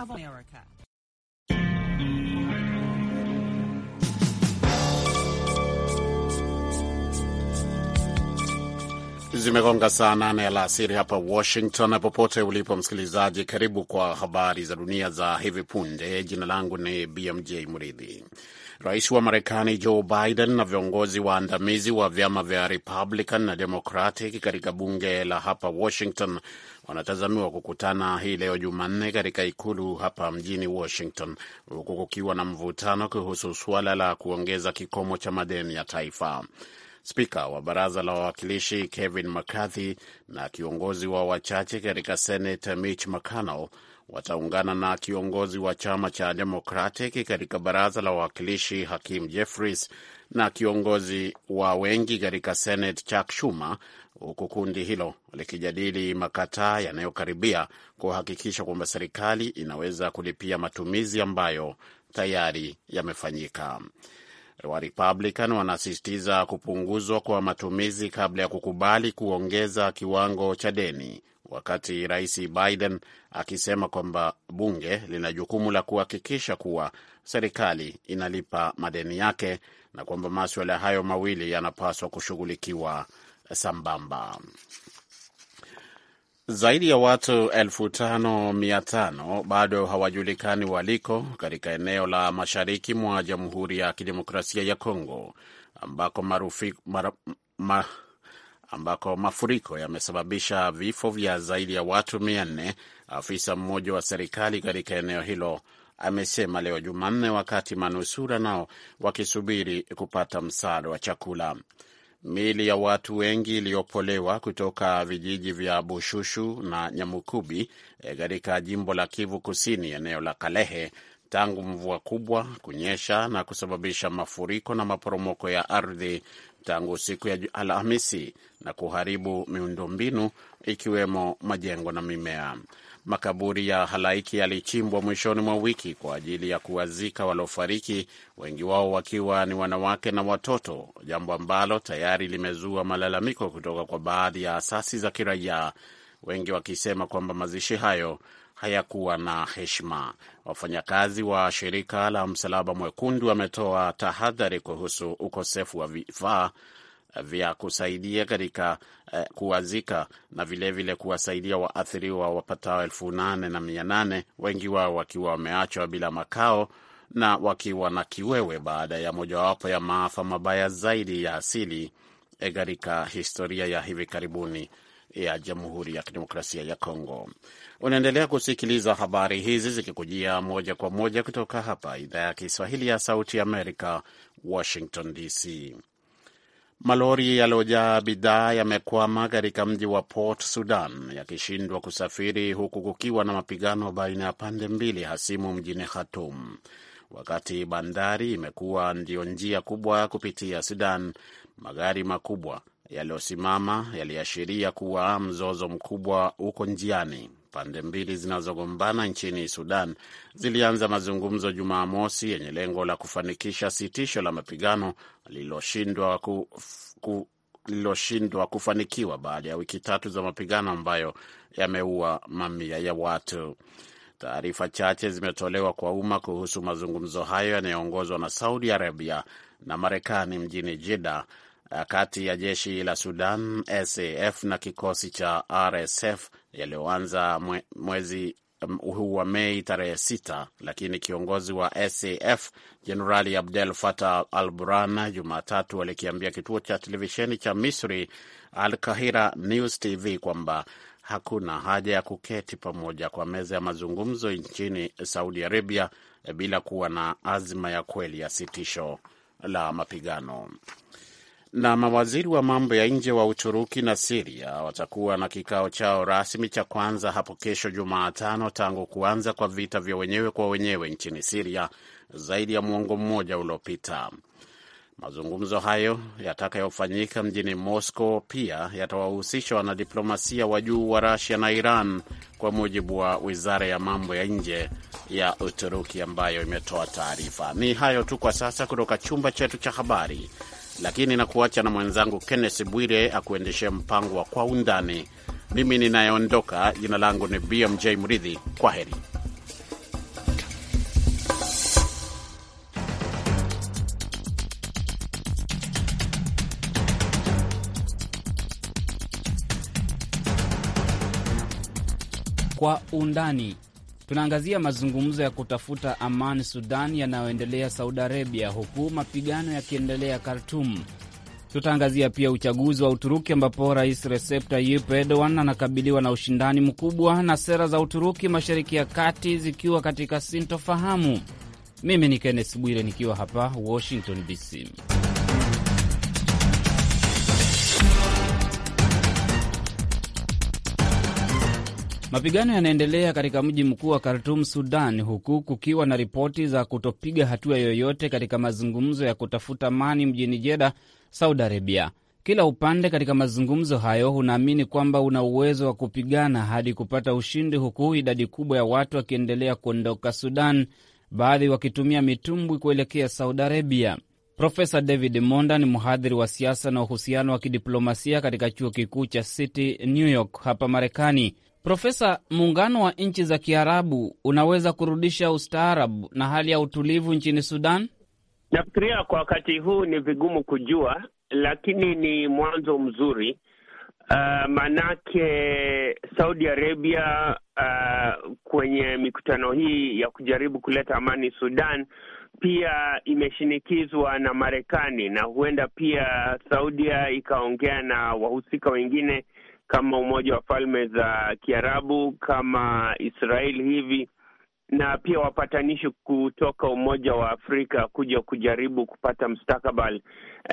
of America. Zimegonga saa nane alasiri hapa Washington. Popote ulipo msikilizaji, karibu kwa habari za dunia za hivi punde. Jina langu ni BMJ mridhi Rais wa Marekani Joe Biden na viongozi waandamizi wa vyama vya Republican na Democratic katika bunge la hapa Washington wanatazamiwa kukutana hii leo Jumanne katika ikulu hapa mjini Washington, huku kukiwa na mvutano kuhusu suala la kuongeza kikomo cha madeni ya taifa. Spika wa baraza la wawakilishi Kevin McCarthy na kiongozi wa wachache katika Senate Mitch McConnell wataungana na kiongozi wa chama cha Democratic katika baraza la wawakilishi Hakim Jeffries na kiongozi wa wengi katika Senate Chuck Schumer, huku kundi hilo likijadili makataa yanayokaribia kuhakikisha kwamba serikali inaweza kulipia matumizi ambayo tayari yamefanyika wa Republican wanasisitiza kupunguzwa kwa matumizi kabla ya kukubali kuongeza kiwango cha deni, wakati Rais Biden akisema kwamba bunge lina jukumu la kuhakikisha kuwa serikali inalipa madeni yake na kwamba maswala hayo mawili yanapaswa kushughulikiwa sambamba. Zaidi ya watu elfu tano mia tano bado hawajulikani waliko katika eneo la mashariki mwa Jamhuri ya Kidemokrasia ya Kongo ambako marufi, mar, ma, ambako mafuriko yamesababisha vifo vya zaidi ya watu mia nne. Afisa mmoja wa serikali katika eneo hilo amesema leo Jumanne, wakati manusura nao wakisubiri kupata msaada wa chakula. Miili ya watu wengi iliyopolewa kutoka vijiji vya Bushushu na Nyamukubi eh, katika jimbo la Kivu Kusini, eneo la Kalehe, tangu mvua kubwa kunyesha na kusababisha mafuriko na maporomoko ya ardhi tangu siku ya Alhamisi na kuharibu miundombinu ikiwemo majengo na mimea. Makaburi ya halaiki yalichimbwa mwishoni mwa wiki kwa ajili ya kuwazika waliofariki, wengi wao wakiwa ni wanawake na watoto, jambo ambalo tayari limezua malalamiko kutoka kwa baadhi ya asasi za kiraia, wengi wakisema kwamba mazishi hayo hayakuwa na heshima. Wafanyakazi wa shirika la Msalaba Mwekundu wametoa tahadhari kuhusu ukosefu wa vifaa vya kusaidia katika eh, kuwazika na vilevile kuwasaidia waathiriwa wapatao elfu nane na mia nane wengi wao wakiwa wameachwa bila makao na wakiwa na kiwewe baada ya mojawapo ya maafa mabaya zaidi ya asili eh, katika historia ya hivi karibuni ya Jamhuri ya Kidemokrasia ya Kongo. Unaendelea kusikiliza habari hizi zikikujia moja kwa moja kutoka hapa idhaa ya Kiswahili ya Sauti ya Amerika, Washington DC. Malori yaliyojaa bidhaa yamekwama katika mji wa Port Sudan yakishindwa kusafiri huku kukiwa na mapigano baina ya pande mbili hasimu mjini Khartoum. Wakati bandari imekuwa ndiyo njia kubwa kupitia Sudan, magari makubwa yaliyosimama yaliashiria kuwa mzozo mkubwa uko njiani pande mbili zinazogombana nchini Sudan zilianza mazungumzo Jumamosi yenye lengo la kufanikisha sitisho la mapigano lililoshindwa ku, ku, lililoshindwa kufanikiwa baada ya wiki tatu za mapigano ambayo yameua mamia ya watu. Taarifa chache zimetolewa kwa umma kuhusu mazungumzo hayo yanayoongozwa na Saudi Arabia na Marekani mjini Jida Eh, kati ya jeshi la Sudan SAF na kikosi cha RSF yaliyoanza mwezi huu wa Mei tarehe 6, lakini kiongozi wa SAF Jenerali Abdel fatah al buran Jumatatu alikiambia kituo cha televisheni cha Misri Al Kahira News TV kwamba hakuna haja ya kuketi pamoja kwa meza ya mazungumzo nchini Saudi Arabia eh, bila kuwa na azma ya kweli ya sitisho la mapigano. Na mawaziri wa mambo ya nje wa Uturuki na Siria watakuwa na kikao chao rasmi cha kwanza hapo kesho Jumatano tangu kuanza kwa vita vya wenyewe kwa wenyewe nchini Siria zaidi ya mwongo mmoja uliopita. Mazungumzo hayo yatakayofanyika mjini Moscow pia yatawahusisha wanadiplomasia wa juu wa Rusia na Iran, kwa mujibu wa wizara ya mambo ya nje ya Uturuki ambayo imetoa taarifa. Ni hayo tu kwa sasa kutoka chumba chetu cha habari lakini nakuacha na mwenzangu Kenneth Bwire akuendeshe mpango wa kwa undani. Mimi ninayeondoka, jina langu ni BMJ Mridhi. Kwa heri. Kwa undani Tunaangazia mazungumzo ya kutafuta amani Sudan yanayoendelea Saudi Arabia, huku mapigano yakiendelea Khartum. Tutaangazia pia uchaguzi wa Uturuki ambapo rais Recep Tayyip Erdogan anakabiliwa na ushindani mkubwa na sera za Uturuki mashariki ya kati zikiwa katika sintofahamu. Mimi ni Kenneth Bwire nikiwa hapa Washington DC. Mapigano yanaendelea katika mji mkuu wa Khartum, Sudan, huku kukiwa na ripoti za kutopiga hatua yoyote katika mazungumzo ya kutafuta amani mjini Jeda, Saudi Arabia. Kila upande katika mazungumzo hayo unaamini kwamba una uwezo wa kupigana hadi kupata ushindi, huku idadi kubwa ya watu wakiendelea kuondoka Sudan, baadhi wakitumia mitumbwi kuelekea Saudi Arabia. Profesa David Monda ni mhadhiri wa siasa na uhusiano wa kidiplomasia katika chuo kikuu cha City New York hapa Marekani. Profesa, muungano wa nchi za Kiarabu unaweza kurudisha ustaarabu na hali ya utulivu nchini Sudan? Nafikiria kwa wakati huu ni vigumu kujua, lakini ni mwanzo mzuri. Uh, maanake Saudi Arabia uh, kwenye mikutano hii ya kujaribu kuleta amani Sudan pia imeshinikizwa na Marekani na huenda pia Saudia ikaongea na wahusika wengine kama Umoja wa Falme za Kiarabu, kama israel hivi na pia wapatanishi kutoka Umoja wa Afrika kuja kujaribu kupata mustakabali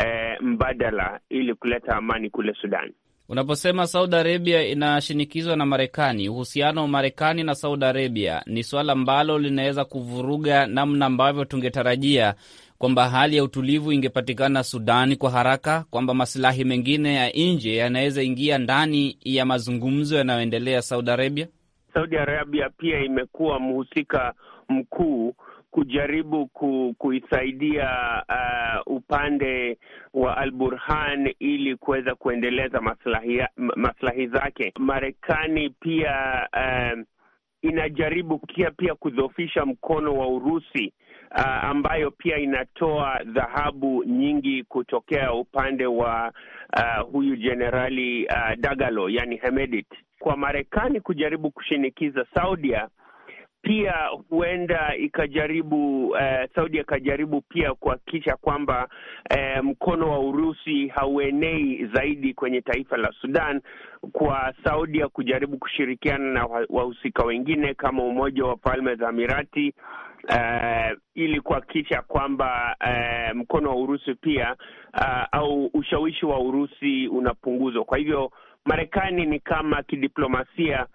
eh, mbadala ili kuleta amani kule Sudan. Unaposema Saudi Arabia inashinikizwa na Marekani, uhusiano wa Marekani na Saudi Arabia ni suala ambalo linaweza kuvuruga namna ambavyo tungetarajia kwamba hali ya utulivu ingepatikana Sudani kwa haraka, kwamba masilahi mengine ya nje yanaweza ingia ndani ya mazungumzo yanayoendelea Saudi Arabia. Saudi Arabia pia imekuwa mhusika mkuu kujaribu ku, kuisaidia uh, upande wa Al Burhan ili kuweza kuendeleza maslahi, maslahi zake. Marekani pia uh, inajaribu pia kudhofisha mkono wa Urusi uh, ambayo pia inatoa dhahabu nyingi kutokea upande wa uh, huyu jenerali uh, Dagalo, yani hemedit Kwa Marekani kujaribu kushinikiza Saudia pia huenda ikajaribu eh, Saudi akajaribu pia kuhakikisha kwamba eh, mkono wa Urusi hauenei zaidi kwenye taifa la Sudan, kwa Saudi ya kujaribu kushirikiana na wahusika wengine kama Umoja wa Falme za Mirati eh, ili kuhakikisha kwamba eh, mkono wa Urusi pia uh, au ushawishi wa Urusi unapunguzwa. Kwa hivyo Marekani ni kama kidiplomasia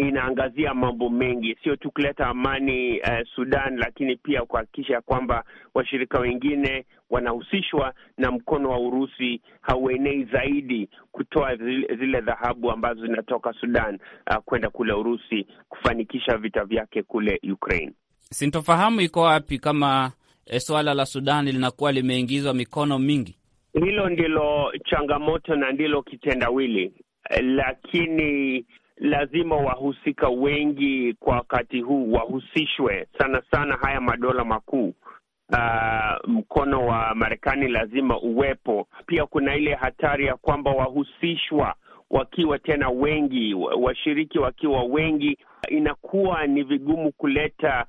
inaangazia mambo mengi, sio tu kuleta amani eh, Sudan, lakini pia kuhakikisha kwamba washirika wengine wanahusishwa na mkono wa Urusi hauenei zaidi, kutoa zile dhahabu ambazo zinatoka Sudan uh, kwenda kule Urusi kufanikisha vita vyake kule Ukraine. Sintofahamu iko wapi kama eh, suala la Sudani linakuwa limeingizwa mikono mingi? Hilo ndilo changamoto na ndilo kitendawili, eh, lakini lazima wahusika wengi kwa wakati huu wahusishwe, sana sana haya madola makuu. Uh, mkono wa Marekani lazima uwepo. Pia kuna ile hatari ya kwamba wahusishwa wakiwa tena wengi, washiriki wakiwa wengi, inakuwa ni vigumu kuleta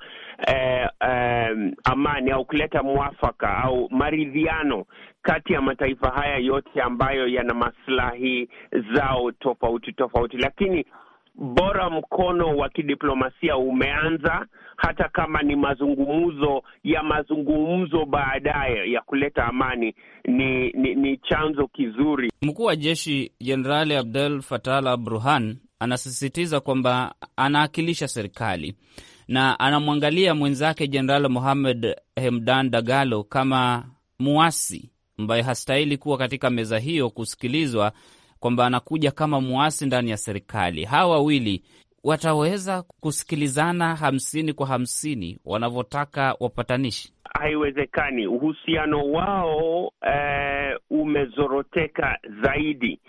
eh, eh, amani au kuleta mwafaka au maridhiano kati ya mataifa haya yote ambayo yana masilahi zao tofauti tofauti, lakini bora mkono wa kidiplomasia umeanza, hata kama ni mazungumzo ya mazungumzo baadaye ya kuleta amani, ni, ni, ni chanzo kizuri. Mkuu wa jeshi Jenerali Abdel Fattah al-Burhan anasisitiza kwamba anawakilisha serikali na anamwangalia mwenzake Jenerali Mohamed Hemdan Dagalo kama muasi ambaye hastahili kuwa katika meza hiyo kusikilizwa kwamba anakuja kama mwasi ndani ya serikali. Hawa wawili wataweza kusikilizana hamsini kwa hamsini wanavyotaka wapatanishi? Haiwezekani. Uhusiano wao eh, umezoroteka zaidi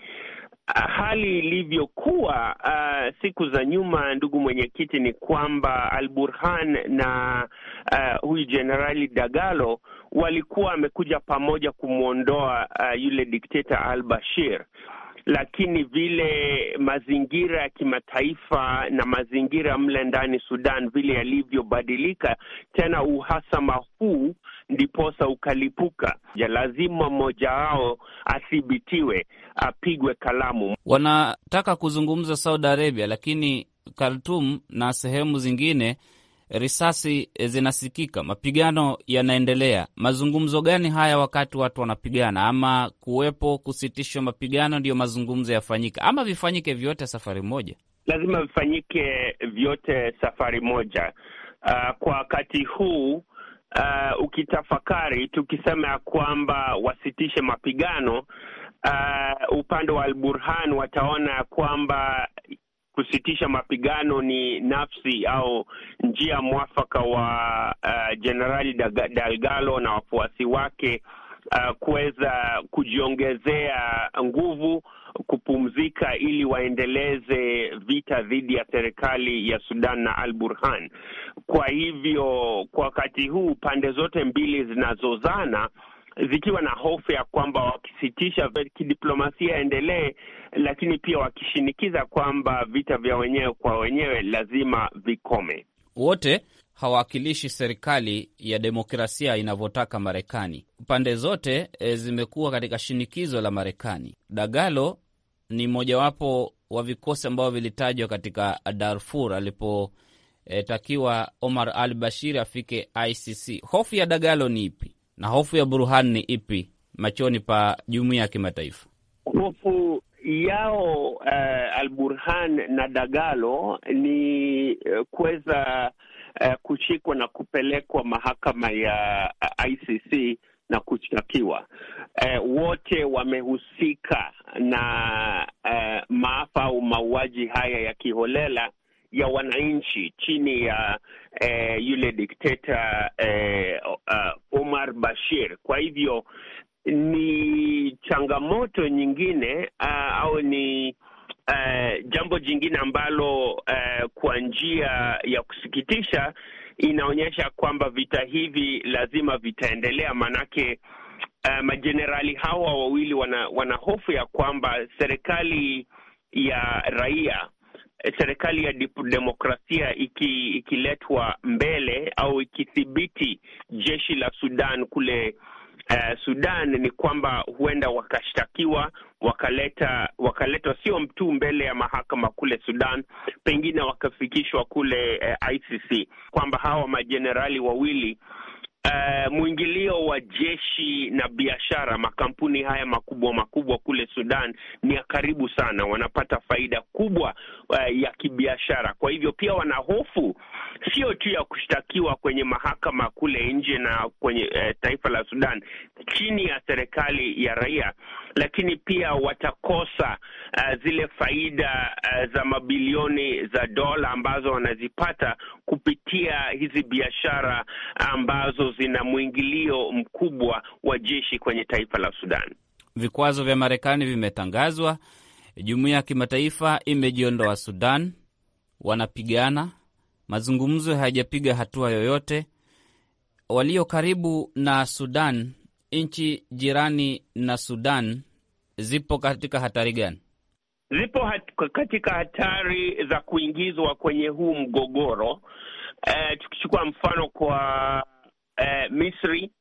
hali ilivyokuwa uh, siku za nyuma, ndugu mwenyekiti, ni kwamba Al Burhan na uh, huyu Jenerali Dagalo walikuwa wamekuja pamoja kumwondoa uh, yule dikteta Al Bashir lakini vile mazingira ya kimataifa na mazingira mle ndani Sudan vile yalivyobadilika, tena uhasama huu ndiposa ukalipuka. Ja, lazima mmoja wao athibitiwe, apigwe kalamu. Wanataka kuzungumza Saudi Arabia, lakini Khartoum na sehemu zingine risasi eh, zinasikika, mapigano yanaendelea. Mazungumzo gani haya wakati watu wanapigana? Ama kuwepo kusitishwa mapigano ndiyo mazungumzo yafanyika, ama vifanyike vyote safari moja? Lazima vifanyike vyote safari moja. Uh, kwa wakati huu uh, ukitafakari, tukisema ya kwamba wasitishe mapigano, uh, upande wa Al-Burhan wataona ya kwamba kusitisha mapigano ni nafsi au njia mwafaka wa Jenerali uh, na wafuasi wake uh, kuweza kujiongezea nguvu kupumzika ili waendeleze vita dhidi ya serikali ya Sudan na Al Burhan. Kwa hivyo, kwa wakati huu pande zote mbili zinazozana zikiwa na hofu ya kwamba wakisitisha kidiplomasia endelee, lakini pia wakishinikiza kwamba vita vya wenyewe kwa wenyewe lazima vikome. Wote hawawakilishi serikali ya demokrasia inavyotaka Marekani. Pande zote e, zimekuwa katika shinikizo la Marekani. Dagalo ni mojawapo wa vikosi ambavyo vilitajwa katika Darfur alipotakiwa e, Omar al Bashir afike ICC. Hofu ya Dagalo ni ipi? na hofu ya Burhani ni ipi machoni pa jumuiya ya kimataifa? Hofu yao uh, eh, burhan na Dagalo ni uh, kuweza uh, kushikwa na kupelekwa mahakama ya ICC na kushtakiwa. Uh, wote wamehusika na uh, maafa au mauaji haya ya kiholela ya wananchi chini ya eh, yule dikteta eh, uh, Omar Bashir. Kwa hivyo ni changamoto nyingine uh, au ni uh, jambo jingine ambalo uh, kwa njia ya kusikitisha inaonyesha kwamba vita hivi lazima vitaendelea, maanake uh, majenerali hawa wawili wana, wana hofu ya kwamba serikali ya raia Eh, serikali ya demokrasia iki, ikiletwa mbele au ikithibiti jeshi la Sudan kule uh, Sudan ni kwamba huenda wakashtakiwa wakaleta wakaletwa sio mtu mbele ya mahakama kule Sudan, pengine wakafikishwa kule uh, eh, ICC, kwamba hawa majenerali wawili uh, mwingilio wa jeshi na biashara, makampuni haya makubwa makubwa kule Sudan ni ya karibu sana, wanapata faida kubwa uh, ya kibiashara. Kwa hivyo pia wana hofu sio tu ya kushtakiwa kwenye mahakama kule nje na kwenye uh, taifa la Sudan, chini ya serikali ya raia, lakini pia watakosa uh, zile faida uh, za mabilioni za dola ambazo wanazipata kupitia hizi biashara ambazo zina mwingilio mkubwa wa jeshi kwenye taifa la Sudan. Vikwazo vya Marekani vimetangazwa, jumuiya ya kimataifa imejiondoa Sudan, wanapigana, mazungumzo hayajapiga hatua yoyote. Walio karibu na Sudan nchi jirani na Sudan zipo katika hatari gani? Zipo hat, katika hatari za kuingizwa kwenye huu mgogoro. Uh, tukichukua mfano kwa uh, Misri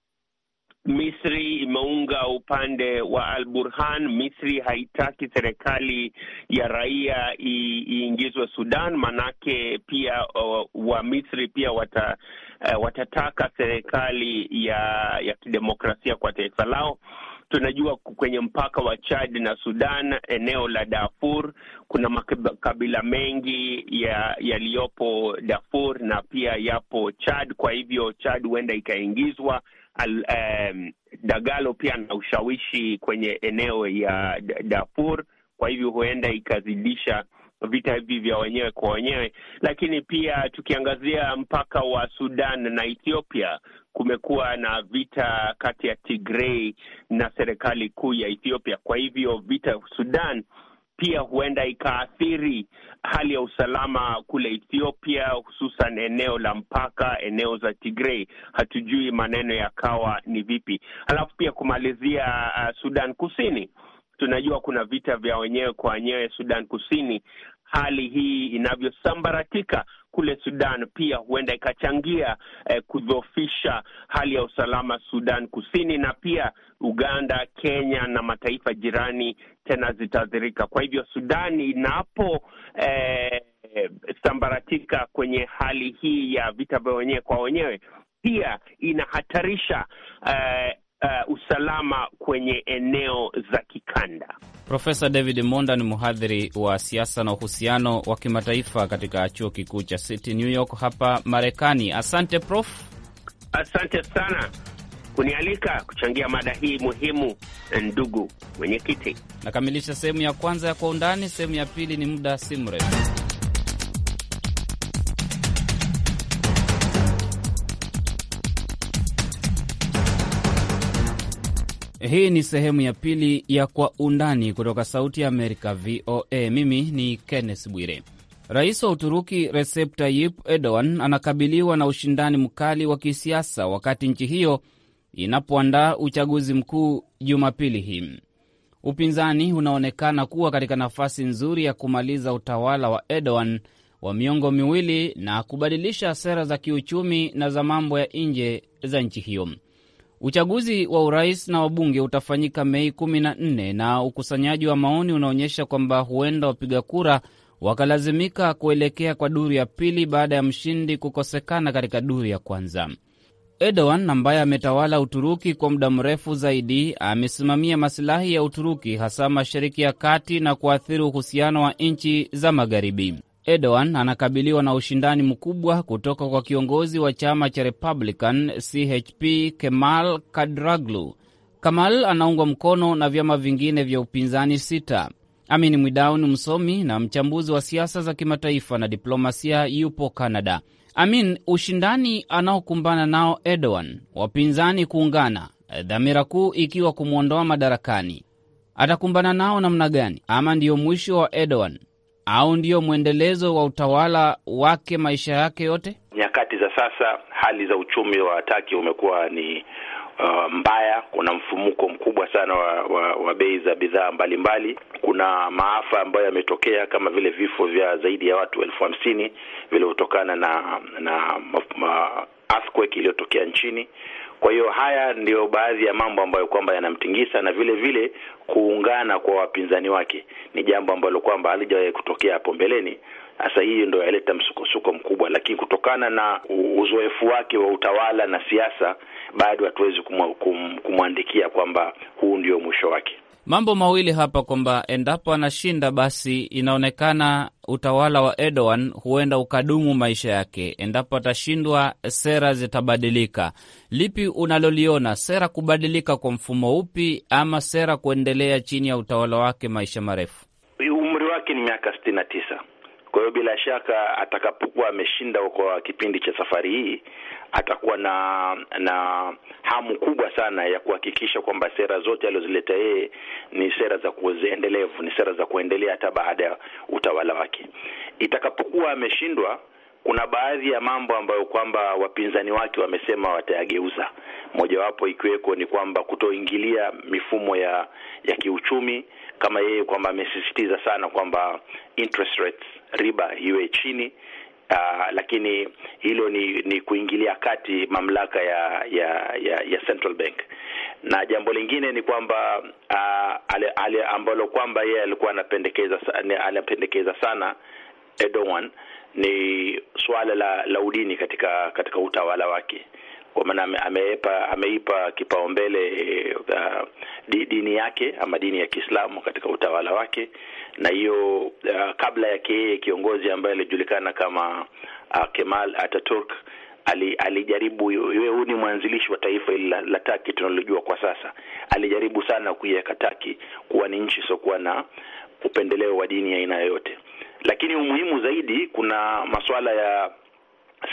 Misri imeunga upande wa Al Burhan. Misri haitaki serikali ya raia iingizwe Sudan, manake pia uh, wa Misri pia wata uh, watataka serikali ya ya kidemokrasia kwa taifa lao. Tunajua kwenye mpaka wa Chad na Sudan, eneo la Darfur, kuna makabila mengi yaliyopo ya Darfur na pia yapo Chad. Kwa hivyo Chad huenda ikaingizwa al, um, Dagalo pia ana ushawishi kwenye eneo ya Darfur, kwa hivyo huenda ikazidisha vita hivi vya wenyewe kwa wenyewe. Lakini pia tukiangazia mpaka wa Sudan na Ethiopia, kumekuwa na vita kati ya Tigray na serikali kuu ya Ethiopia. Kwa hivyo vita Sudan pia huenda ikaathiri hali ya usalama kule Ethiopia, hususan eneo la mpaka, eneo za Tigrei. Hatujui maneno yakawa ni vipi. Halafu pia kumalizia, uh, Sudan Kusini, tunajua kuna vita vya wenyewe kwa wenyewe Sudan Kusini. Hali hii inavyosambaratika kule Sudan pia huenda ikachangia eh, kudhoofisha hali ya usalama Sudan Kusini, na pia Uganda, Kenya na mataifa jirani tena zitaathirika. Kwa hivyo Sudani inapo eh, sambaratika kwenye hali hii ya vita vya wenyewe kwa wenyewe, pia inahatarisha eh, Uh, usalama kwenye eneo za kikanda. Profesa David Monda ni mhadhiri wa siasa na uhusiano wa kimataifa katika chuo kikuu cha City New York hapa Marekani. Asante Prof. Asante sana kunialika kuchangia mada hii muhimu, eh, ndugu mwenyekiti. Nakamilisha sehemu ya kwanza ya Kwa Undani. Sehemu ya pili ni muda si mrefu. Hii ni sehemu ya pili ya Kwa Undani kutoka Sauti ya Amerika, VOA. Mimi ni Kenneth Bwire. Rais wa Uturuki Recep Tayyip Erdogan anakabiliwa na ushindani mkali wa kisiasa wakati nchi hiyo inapoandaa uchaguzi mkuu Jumapili hii. Upinzani unaonekana kuwa katika nafasi nzuri ya kumaliza utawala wa Erdogan wa miongo miwili na kubadilisha sera za kiuchumi na za mambo ya nje za nchi hiyo. Uchaguzi wa urais na wabunge utafanyika Mei 14 na ukusanyaji wa maoni unaonyesha kwamba huenda wapiga kura wakalazimika kuelekea kwa duru ya pili baada ya mshindi kukosekana katika duru ya kwanza. Erdogan ambaye ametawala Uturuki kwa muda mrefu zaidi amesimamia masilahi ya Uturuki hasa Mashariki ya Kati na kuathiri uhusiano wa nchi za Magharibi. Erdogan anakabiliwa na ushindani mkubwa kutoka kwa kiongozi wa chama cha Republican CHP Kemal kadraglu Kamal anaungwa mkono na vyama vingine vya upinzani sita. Amin Mwidau ni msomi na mchambuzi wa siasa za kimataifa na diplomasia, yupo Canada. Amin ushindani anaokumbana nao Erdogan, wapinzani kuungana, dhamira kuu ikiwa kumwondoa madarakani. Atakumbana nao namna gani? Ama ndiyo mwisho wa Erdogan au ndiyo mwendelezo wa utawala wake maisha yake yote? Nyakati za sasa, hali za uchumi wa Taki umekuwa ni uh, mbaya. Kuna mfumuko mkubwa sana wa, wa, wa bei za bidhaa mbalimbali. Kuna maafa ambayo yametokea kama vile vifo vya zaidi ya watu elfu hamsini vilivyotokana na na ma, ma, earthquake iliyotokea nchini. Kwa hiyo haya ndiyo baadhi ya mambo ambayo kwamba yanamtingisa, na vile vile kuungana kwa wapinzani wake ni jambo ambalo kwamba halijawahi kutokea hapo mbeleni hasa hiyo ndo yaleta msukosuko mkubwa, lakini kutokana na uzoefu wake wa utawala na siasa bado hatuwezi kumwandikia kwamba huu ndio mwisho wake. Mambo mawili hapa, kwamba endapo anashinda, basi inaonekana utawala wa Erdogan huenda ukadumu maisha yake. Endapo atashindwa, sera zitabadilika. Lipi unaloliona, sera kubadilika kwa mfumo upi, ama sera kuendelea chini ya utawala wake maisha marefu? Umri wake ni miaka sitini na tisa. Kwa hiyo bila shaka atakapokuwa ameshinda kwa kipindi cha safari hii atakuwa na na hamu kubwa sana ya kuhakikisha kwamba sera zote alizozileta yeye ni sera za kuendelevu, ni sera za kuendelea hata baada ya utawala wake. Itakapokuwa ameshindwa kuna baadhi ya mambo ambayo kwamba wapinzani wake wamesema watayageuza, mojawapo ikiweko ni kwamba kutoingilia mifumo ya ya kiuchumi, kama yeye kwamba amesisitiza sana kwamba interest rates, riba iwe chini. Uh, lakini hilo ni ni kuingilia kati mamlaka ya ya ya, ya Central Bank, na jambo lingine ni kwamba uh, ale, ale ambalo kwamba yeye alikuwa anapendekeza anapendekeza sana Erdogan ni suala la, la udini katika katika utawala wake kwa maana ameipa ameipa kipaumbele eh, uh, di, dini yake ama dini ya Kiislamu katika utawala wake, na hiyo uh, kabla yake yeye kiongozi ambaye alijulikana kama uh, Kemal Ataturk ali, alijaribu yeye, huyu ni mwanzilishi wa taifa hili la, la Taki tunalojua kwa sasa. Alijaribu sana kuiweka Taki kuwa ni nchi isiokuwa na upendeleo wa dini ya aina yoyote lakini umuhimu zaidi kuna masuala ya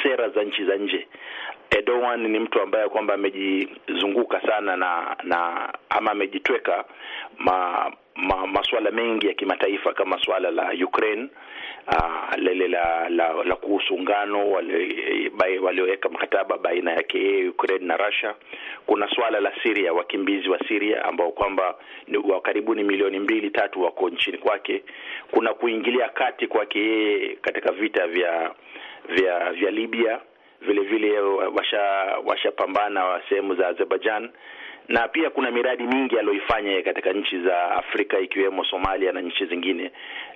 sera za nchi za nje Erdogan ni mtu ambaye kwamba amejizunguka sana na na ama amejitweka ma, ma, masuala mengi ya kimataifa kama suala la Ukraine uh, lile la, la, la kuhusu ngano walioweka mkataba baina ya yeye Ukraine na Russia. Kuna swala la Syria, wakimbizi wa Syria ambao kwamba wa karibuni milioni mbili tatu wako nchini kwake. Kuna kuingilia kati kwake yeye katika vita vya vya, vya Libya vile vile uh, washapambana washa wa sehemu za Azerbaijan na pia kuna miradi mingi aliyoifanya katika nchi za Afrika ikiwemo Somalia na nchi zingine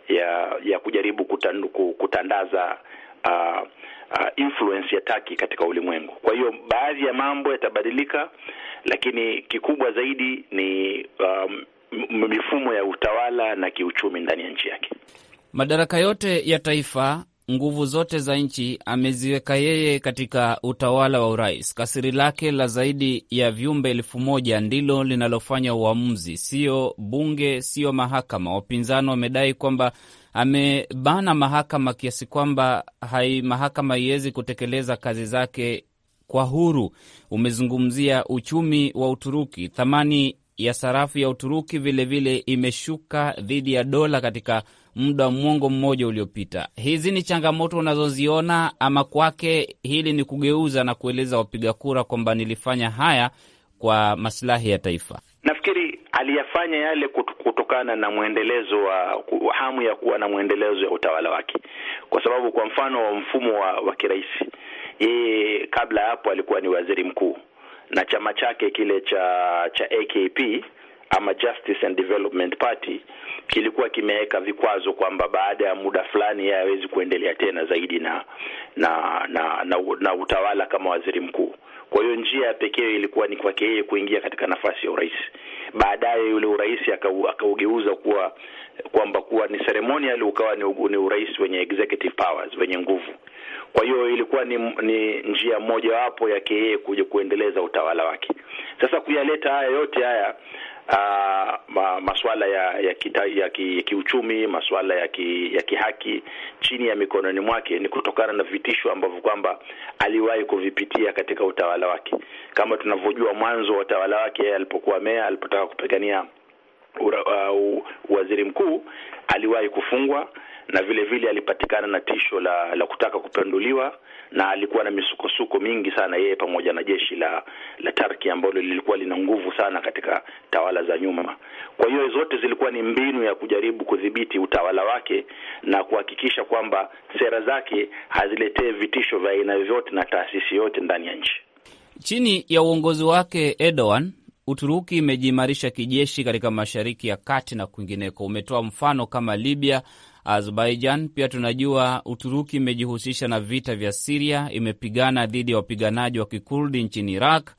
ya ya kujaribu kutandu, kutandaza uh, uh, influence ya Turkey katika ulimwengu. Kwa hiyo baadhi ya mambo yatabadilika, lakini kikubwa zaidi ni um, mifumo ya utawala na kiuchumi ndani ya nchi yake. Madaraka yote ya taifa nguvu zote za nchi ameziweka yeye katika utawala wa urais. Kasiri lake la zaidi ya vyumbe elfu moja ndilo linalofanya uamuzi, siyo bunge, siyo mahakama. Wapinzani wamedai kwamba amebana mahakama kiasi kwamba hai mahakama haiwezi kutekeleza kazi zake kwa huru. Umezungumzia uchumi wa Uturuki, thamani ya sarafu ya Uturuki vilevile vile imeshuka dhidi ya dola katika muda wa mwongo mmoja uliopita. Hizi ni changamoto unazoziona, ama kwake hili ni kugeuza na kueleza wapiga kura kwamba nilifanya haya kwa masilahi ya taifa? Nafikiri aliyafanya yale kutokana na mwendelezo wa hamu ya kuwa na mwendelezo ya utawala wake, kwa sababu kwa mfano wa mfumo wa, wa kiraisi, yeye kabla hapo alikuwa ni waziri mkuu na chama chake kile cha cha AKP ama Justice and Development Party kilikuwa kimeweka vikwazo kwamba baada ya muda fulani yeye hawezi kuendelea tena zaidi na na na, na na utawala kama waziri mkuu. Kwa hiyo njia ya pekee ilikuwa ni kwake yeye kuingia katika nafasi ya urais. Baadaye yule urais akaugeuza kuwa kwamba kuwa ni ceremonial, ukawa ni, ni urais wenye executive powers, wenye nguvu. Kwa hiyo ilikuwa ni, ni njia mojawapo yake yeye kuja kuendeleza utawala wake. Sasa kuyaleta haya yote haya uh, ah, masuala ya ya, kita, ya, ki, ya kiuchumi masuala ya, ki, ya kihaki chini ya mikononi mwake, ni kutokana na vitisho ambavyo kwamba aliwahi kuvipitia katika utawala wake. Kama tunavyojua, mwanzo wa utawala wake alipokuwa mea alipotaka kupigania uh, waziri mkuu aliwahi kufungwa na vile vile alipatikana na tisho la la kutaka kupenduliwa, na alikuwa na misukosuko mingi sana yeye pamoja na jeshi la la Turki ambalo lilikuwa lina nguvu sana katika tawala za nyuma. Kwa hiyo zote zilikuwa ni mbinu ya kujaribu kudhibiti utawala wake na kuhakikisha kwamba sera zake haziletee vitisho vya aina yoyote na taasisi yote ndani ya nchi. Chini ya uongozi wake Erdogan, Uturuki imejiimarisha kijeshi katika Mashariki ya Kati na kwingineko. Umetoa mfano kama Libya Azerbaijan pia tunajua Uturuki imejihusisha na vita vya Siria, imepigana dhidi ya wapiganaji wa kikurdi nchini Iraq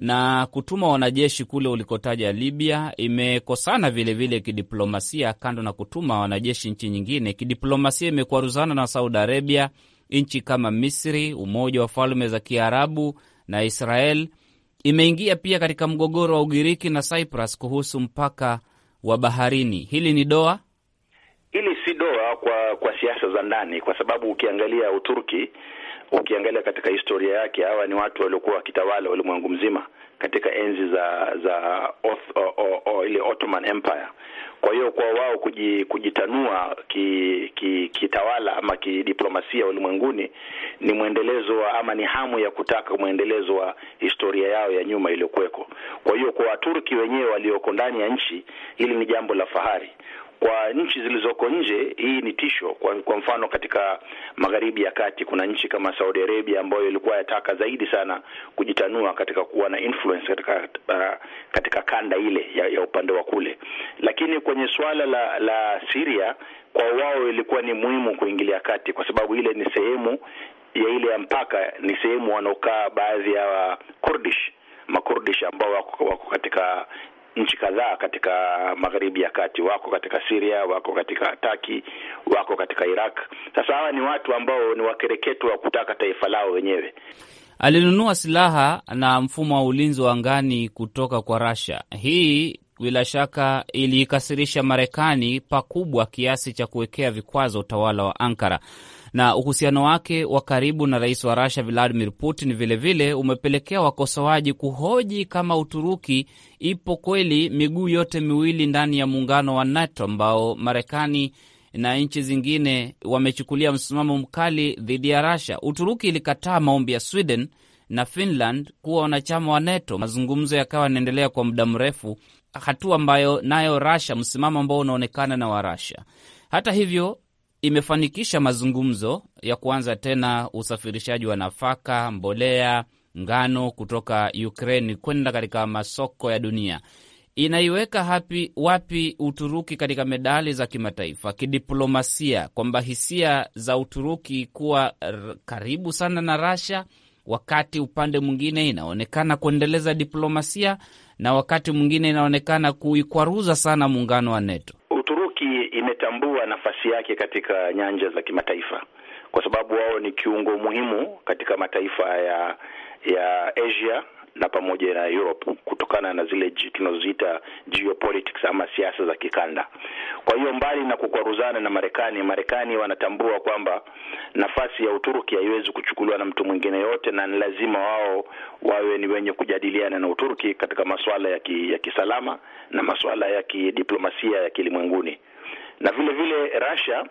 na kutuma wanajeshi kule ulikotaja Libya. Imekosana vilevile kidiplomasia, kando na kutuma wanajeshi nchi nyingine, kidiplomasia imekwaruzana na Saudi Arabia, nchi kama Misri, Umoja wa Falme za Kiarabu na Israel. Imeingia pia katika mgogoro wa Ugiriki na Cyprus kuhusu mpaka wa baharini. Hili ni doa Hili si doa kwa kwa siasa za ndani, kwa sababu ukiangalia Uturki, ukiangalia katika historia yake, hawa ni watu waliokuwa wakitawala ulimwengu mzima katika enzi za za oth, o, o, o, ile Ottoman Empire. Kwa hiyo kwa wao kujitanua kitawala ki, ki ama kidiplomasia ulimwenguni ni mwendelezo wa ama ni hamu ya kutaka mwendelezo wa historia yao ya nyuma iliyokuweko. Kwa hiyo kwa Waturki wenyewe walioko ndani ya nchi, hili ni jambo la fahari kwa nchi zilizoko nje, hii ni tisho. Kwa, kwa mfano katika magharibi ya kati kuna nchi kama Saudi Arabia ambayo ilikuwa yataka zaidi sana kujitanua katika kuwa na influence katika uh, katika kanda ile ya, ya upande wa kule, lakini kwenye suala la la Syria kwa wao ilikuwa ni muhimu kuingilia kati kwa sababu ile ni sehemu ya ile ya mpaka, ni sehemu wanaokaa baadhi ya Kurdish Makurdish ambao wako katika nchi kadhaa katika magharibi ya kati, wako katika Syria, wako katika Turkey, wako katika Iraq. Sasa hawa ni watu ambao ni wakereketo wa kutaka taifa lao wenyewe. Alinunua silaha na mfumo wa ulinzi wa angani kutoka kwa Russia. Hii bila shaka iliikasirisha Marekani pakubwa kiasi cha kuwekea vikwazo utawala wa Ankara na uhusiano wake wa karibu na rais wa Rusia Vladimir Putin vilevile vile umepelekea wakosoaji kuhoji kama Uturuki ipo kweli miguu yote miwili ndani ya muungano wa NATO ambao Marekani na nchi zingine wamechukulia msimamo mkali dhidi ya rasha Uturuki ilikataa maombi ya Sweden na Finland kuwa wanachama wa NATO. Mazungumzo yakawa yanaendelea kwa muda mrefu, hatua ambayo nayo rasha msimamo ambao unaonekana na wa Russia. Hata hivyo imefanikisha mazungumzo ya kuanza tena usafirishaji wa nafaka, mbolea, ngano kutoka Ukraini kwenda katika masoko ya dunia. Inaiweka hapi, wapi Uturuki katika medali za kimataifa kidiplomasia, kwamba hisia za Uturuki kuwa karibu sana na Rasha, wakati upande mwingine inaonekana kuendeleza diplomasia na wakati mwingine inaonekana kuikwaruza sana muungano wa NATO nafasi yake katika nyanja za kimataifa, kwa sababu wao ni kiungo muhimu katika mataifa ya ya Asia na pamoja na Europe kutokana na zile tunazoziita geopolitics ama siasa za kikanda. Kwa hiyo mbali na kukwaruzana na Marekani, Marekani wanatambua kwamba nafasi ya Uturuki haiwezi kuchukuliwa na mtu mwingine yote, na ni lazima wao wawe ni wenye kujadiliana na Uturuki katika masuala ya, ki, ya kisalama na masuala ya kidiplomasia ya kilimwenguni na vile vile Russia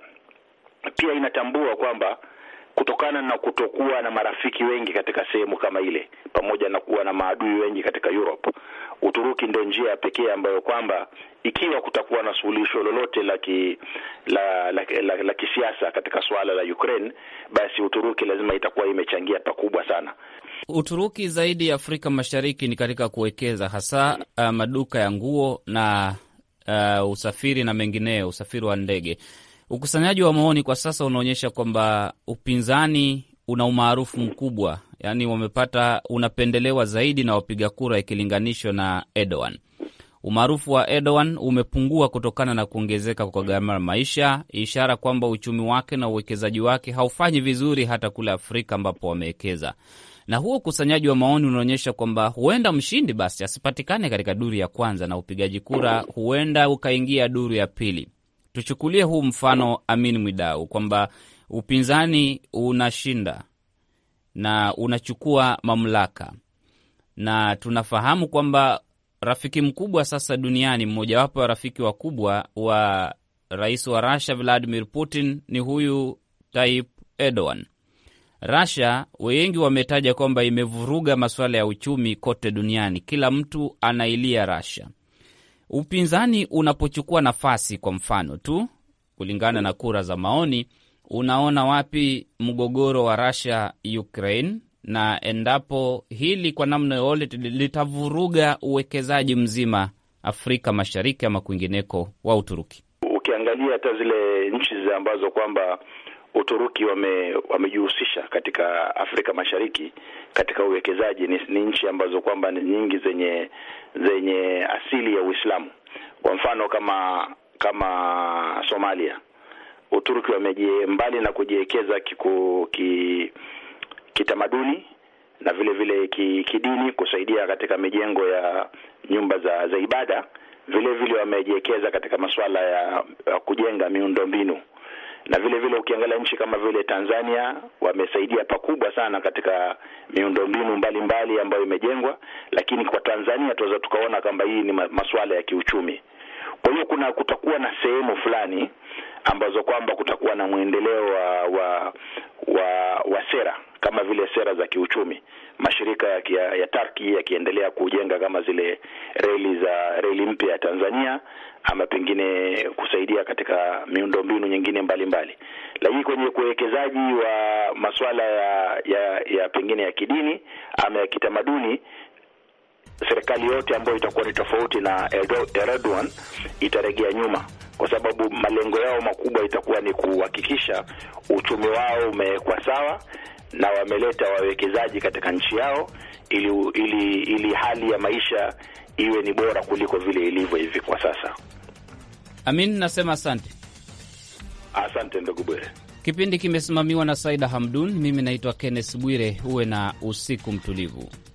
pia inatambua kwamba kutokana na kutokuwa na marafiki wengi katika sehemu kama ile, pamoja na kuwa na maadui wengi katika Europe, Uturuki ndio njia ya pekee ambayo kwamba ikiwa kutakuwa na suluhisho lolote la ki, la, la, la, la kisiasa katika suala la Ukraine, basi Uturuki lazima itakuwa imechangia pakubwa sana. Uturuki zaidi ya Afrika Mashariki ni katika kuwekeza hasa uh, maduka ya nguo na uh, usafiri na mengineo, usafiri wa ndege. Ukusanyaji wa maoni kwa sasa unaonyesha kwamba upinzani una umaarufu mkubwa, yaani wamepata, unapendelewa zaidi na wapiga kura ikilinganishwa na Erdogan. Umaarufu wa Erdogan umepungua kutokana na kuongezeka kwa gharama ya maisha, ishara kwamba uchumi wake na uwekezaji wake haufanyi vizuri hata kule Afrika ambapo wamewekeza na huo ukusanyaji wa maoni unaonyesha kwamba huenda mshindi basi asipatikane katika duru ya kwanza na upigaji kura huenda ukaingia duru ya pili. Tuchukulie huu mfano Amin Mwidau kwamba upinzani unashinda na unachukua mamlaka, na tunafahamu kwamba rafiki mkubwa sasa duniani, mmojawapo wa rafiki wakubwa wa rais wa Russia Vladimir Putin ni huyu Tayyip Erdogan. Russia wengi wametaja kwamba imevuruga masuala ya uchumi kote duniani, kila mtu anailia Russia. Upinzani unapochukua nafasi, kwa mfano tu, kulingana na kura za maoni, unaona wapi mgogoro wa Russia Ukraine, na endapo hili kwa namna yoyote litavuruga uwekezaji mzima Afrika Mashariki ama kwingineko wa Uturuki. Ukiangalia hata zile nchi ambazo kwamba Uturuki wamejihusisha wame katika Afrika Mashariki katika uwekezaji. Ni, ni nchi ambazo kwamba ni nyingi zenye zenye asili ya Uislamu. Kwa mfano kama kama Somalia, Uturuki wameje mbali na kujiwekeza kiku, ki, kitamaduni na vile vile kidini kusaidia katika mijengo ya nyumba za za ibada, vile vile wamejiwekeza katika masuala ya, ya kujenga miundombinu na vile vile ukiangalia nchi kama vile Tanzania wamesaidia pakubwa sana katika miundombinu mbalimbali ambayo imejengwa, lakini kwa Tanzania tunaweza tukaona kwamba hii ni masuala ya kiuchumi. Kwa hiyo kuna kutakuwa na sehemu fulani ambazo kwamba kutakuwa na mwendeleo wa wa wa, wa sera kama vile sera za kiuchumi, mashirika ya, kia, ya Turkey yakiendelea kujenga kama zile reli za reli mpya ya Tanzania ama pengine kusaidia katika miundombinu nyingine mbalimbali. Lakini kwenye kuwekezaji wa masuala ya, ya, ya pengine ya kidini ama ya kitamaduni serikali yote ambayo itakuwa ni tofauti na Erdogan itaregea nyuma, kwa sababu malengo yao makubwa itakuwa ni kuhakikisha uchumi wao umewekwa sawa na wameleta wawekezaji katika nchi yao ili, ili, ili hali ya maisha iwe ni bora kuliko vile ilivyo hivi kwa sasa. Amin, nasema asante. Asante ndugu Bwire. Kipindi kimesimamiwa na Saida Hamdun. Mimi naitwa Kenneth Bwire. Uwe na usiku mtulivu.